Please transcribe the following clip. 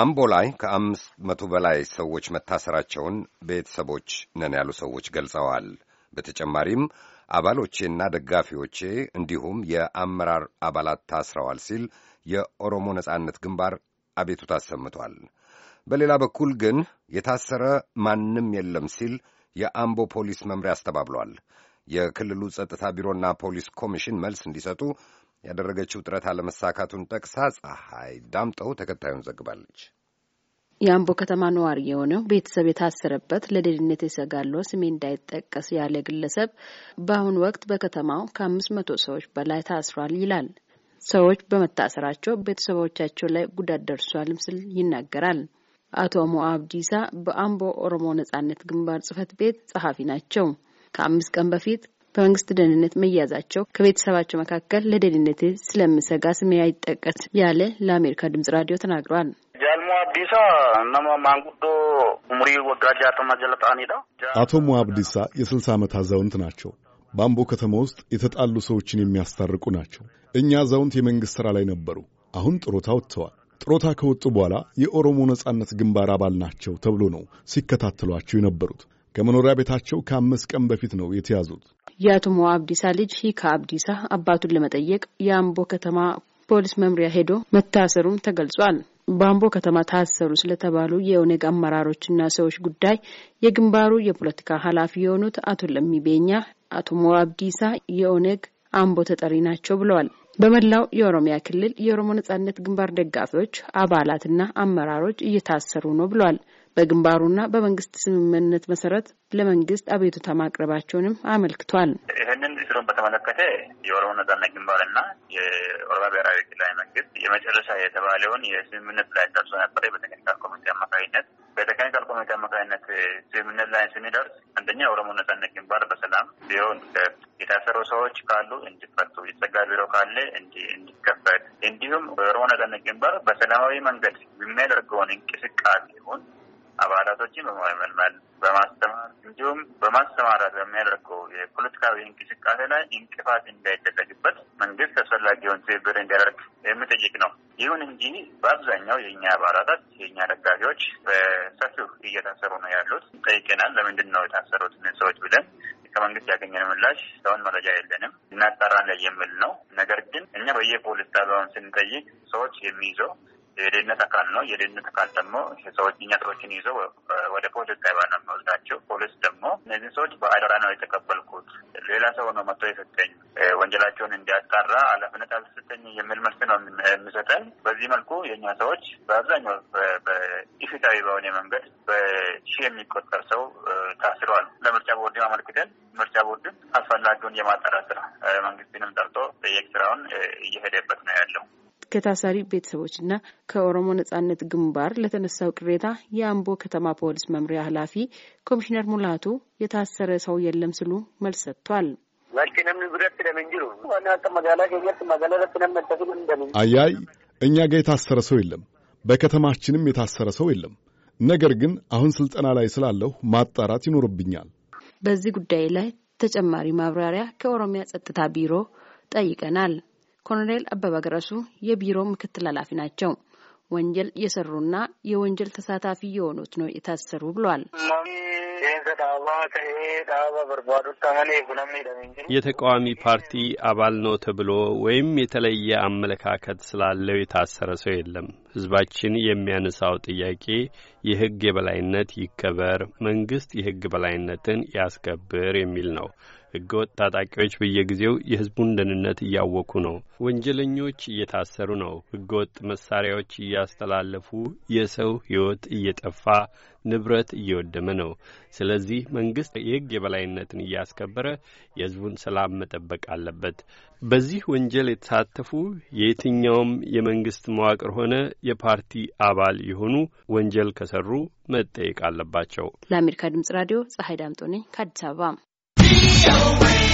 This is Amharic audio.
አምቦ ላይ ከአምስት መቶ በላይ ሰዎች መታሰራቸውን ቤተሰቦች ነን ያሉ ሰዎች ገልጸዋል። በተጨማሪም አባሎቼና ደጋፊዎቼ እንዲሁም የአመራር አባላት ታስረዋል ሲል የኦሮሞ ነጻነት ግንባር አቤቱታ አሰምቷል። በሌላ በኩል ግን የታሰረ ማንም የለም ሲል የአምቦ ፖሊስ መምሪያ አስተባብሏል። የክልሉ ጸጥታ ቢሮና ፖሊስ ኮሚሽን መልስ እንዲሰጡ ያደረገችው ጥረት አለመሳካቱን ጠቅሳ ፀሐይ ዳምጠው ተከታዩን ዘግባለች። የአምቦ ከተማ ነዋሪ የሆነው ቤተሰብ የታሰረበት ለደህንነት የሰጋለው ስሜ እንዳይጠቀስ ያለ ግለሰብ በአሁኑ ወቅት በከተማው ከአምስት መቶ ሰዎች በላይ ታስሯል ይላል። ሰዎች በመታሰራቸው ቤተሰቦቻቸው ላይ ጉዳት ደርሷልም ምስል ይናገራል። አቶ ሞ አብዲሳ በአምቦ ኦሮሞ ነጻነት ግንባር ጽህፈት ቤት ጸሐፊ ናቸው። ከአምስት ቀን በፊት በመንግስት ደህንነት መያዛቸው ከቤተሰባቸው መካከል ለደህንነት ስለምሰጋ ስሜ አይጠቀስ ያለ ለአሜሪካ ድምጽ ራዲዮ ተናግሯል። ጃልሞ አብዲሳ ማንጉዶ ሙሪ ጀለጣኒዳ አቶ ሙ አብዲሳ የስልሳ ዓመት አዛውንት ናቸው። ባምቦ ከተማ ውስጥ የተጣሉ ሰዎችን የሚያስታርቁ ናቸው። እኛ አዛውንት የመንግሥት ሥራ ላይ ነበሩ። አሁን ጥሮታ ወጥተዋል። ጥሮታ ከወጡ በኋላ የኦሮሞ ነጻነት ግንባር አባል ናቸው ተብሎ ነው ሲከታተሏቸው የነበሩት። ከመኖሪያ ቤታቸው ከአምስት ቀን በፊት ነው የተያዙት። የአቶሞ አብዲሳ ልጅ ሂካ አብዲሳ አባቱን ለመጠየቅ የአምቦ ከተማ ፖሊስ መምሪያ ሄዶ መታሰሩም ተገልጿል። በአምቦ ከተማ ታሰሩ ስለተባሉ የኦነግ አመራሮችና ሰዎች ጉዳይ የግንባሩ የፖለቲካ ኃላፊ የሆኑት አቶ ለሚቤኛ አቶ ሞ አብዲሳ የኦነግ አምቦ ተጠሪ ናቸው ብለዋል። በመላው የኦሮሚያ ክልል የኦሮሞ ነጻነት ግንባር ደጋፊዎች አባላትና አመራሮች እየታሰሩ ነው ብለዋል። በግንባሩና በመንግስት ስምምነት መሰረት ለመንግስት አቤቱታ ማቅረባቸውንም አመልክቷል። ይህንን እስሩን በተመለከተ የኦሮሞ ነጻነት ግንባርና የኦሮሚያ ብሔራዊ ክልላዊ መንግስት የመጨረሻ የተባለውን የስምምነት ላይ ደርሶ ነበር። በቴክኒካል ኮሚቴ አማካኝነት በቴክኒካል ኮሚቴ አማካኝነት ስምምነት ላይ ስሚደርስ አንደኛ የኦሮሞ ነጻነት ግንባር በሰላም ቢሆን የታሰሩ ሰዎች ካሉ እንዲፈቱ፣ የተዘጋ ቢሮ ካለ እንዲከፈት፣ እንዲሁም የኦሮሞ ነጻነት ግንባር በሰላማዊ መንገድ የሚያደርገውን እንቅስቃሴ ይሁን አባላቶችን በመመልመል በማስተማር እንዲሁም በማስተማራት በሚያደርገው የፖለቲካዊ እንቅስቃሴ ላይ እንቅፋት እንዳይደረግበት መንግስት አስፈላጊውን ትብብር እንዲያደርግ የምጠይቅ ነው። ይሁን እንጂ በአብዛኛው የእኛ አባላታት የእኛ ደጋፊዎች በሰፊው እየታሰሩ ነው ያሉት። ጠይቀናል። ለምንድን ነው የታሰሩት ሰዎች ብለን ከመንግስት ያገኘን ምላሽ እስካሁን መረጃ የለንም እናጣራለን የሚል ነው። ነገር ግን እኛ በየፖሊስ ጣቢያውን ስንጠይቅ ሰዎች የሚይዘው የደህንነት አካል ነው። የደህንነት አካል ደግሞ ሰዎች እኛ ሰዎችን ወደ ፖሊስ ጣቢያ ነው የሚወስዳቸው። ፖሊስ ደግሞ እነዚህ ሰዎች በአደራ ነው የተቀበልኩት፣ ሌላ ሰው ነው መጥቶ የሰጠኝ፣ ወንጀላቸውን እንዲያጣራ ኃላፊነት አልተሰጠኝ የሚል መልስ ነው የሚሰጠን። በዚህ መልኩ የእኛ ሰዎች በአብዛኛው በኢፍትሐዊ በሆነ መንገድ በሺ የሚቆጠር ሰው ታስረዋል። ለምርጫ ቦርድ አመልክተን ምርጫ ቦርድን አስፈላጊውን የማጣራት ስራ መንግስትንም ጠርቶ የቅ ስራውን እየሄደበት ነው ያለው። ከታሳሪ ቤተሰቦችና ከኦሮሞ ነጻነት ግንባር ለተነሳው ቅሬታ የአምቦ ከተማ ፖሊስ መምሪያ ኃላፊ ኮሚሽነር ሙላቱ የታሰረ ሰው የለም ሲሉ መልስ ሰጥቷል። አያይ እኛ ጋር የታሰረ ሰው የለም፣ በከተማችንም የታሰረ ሰው የለም። ነገር ግን አሁን ስልጠና ላይ ስላለሁ ማጣራት ይኖርብኛል። በዚህ ጉዳይ ላይ ተጨማሪ ማብራሪያ ከኦሮሚያ ጸጥታ ቢሮ ጠይቀናል። ኮሎኔል አበበ ገረሱ የቢሮ ምክትል ኃላፊ ናቸው። ወንጀል የሰሩና የወንጀል ተሳታፊ የሆኑት ነው የታሰሩ ብሏል። የተቃዋሚ ፓርቲ አባል ነው ተብሎ ወይም የተለየ አመለካከት ስላለው የታሰረ ሰው የለም። ሕዝባችን የሚያነሳው ጥያቄ የሕግ የበላይነት ይከበር፣ መንግስት የሕግ በላይነትን ያስከብር የሚል ነው። ህገወጥ ታጣቂዎች በየጊዜው የህዝቡን ደህንነት እያወኩ ነው። ወንጀለኞች እየታሰሩ ነው። ህገወጥ መሳሪያዎች እያስተላለፉ የሰው ህይወት እየጠፋ ንብረት እየወደመ ነው። ስለዚህ መንግስት የህግ የበላይነትን እያስከበረ የህዝቡን ሰላም መጠበቅ አለበት። በዚህ ወንጀል የተሳተፉ የየትኛውም የመንግስት መዋቅር ሆነ የፓርቲ አባል የሆኑ ወንጀል ከሰሩ መጠየቅ አለባቸው። ለአሜሪካ ድምጽ ራዲዮ ፀሐይ ዳምጦ ነኝ ከአዲስ አበባ Show me.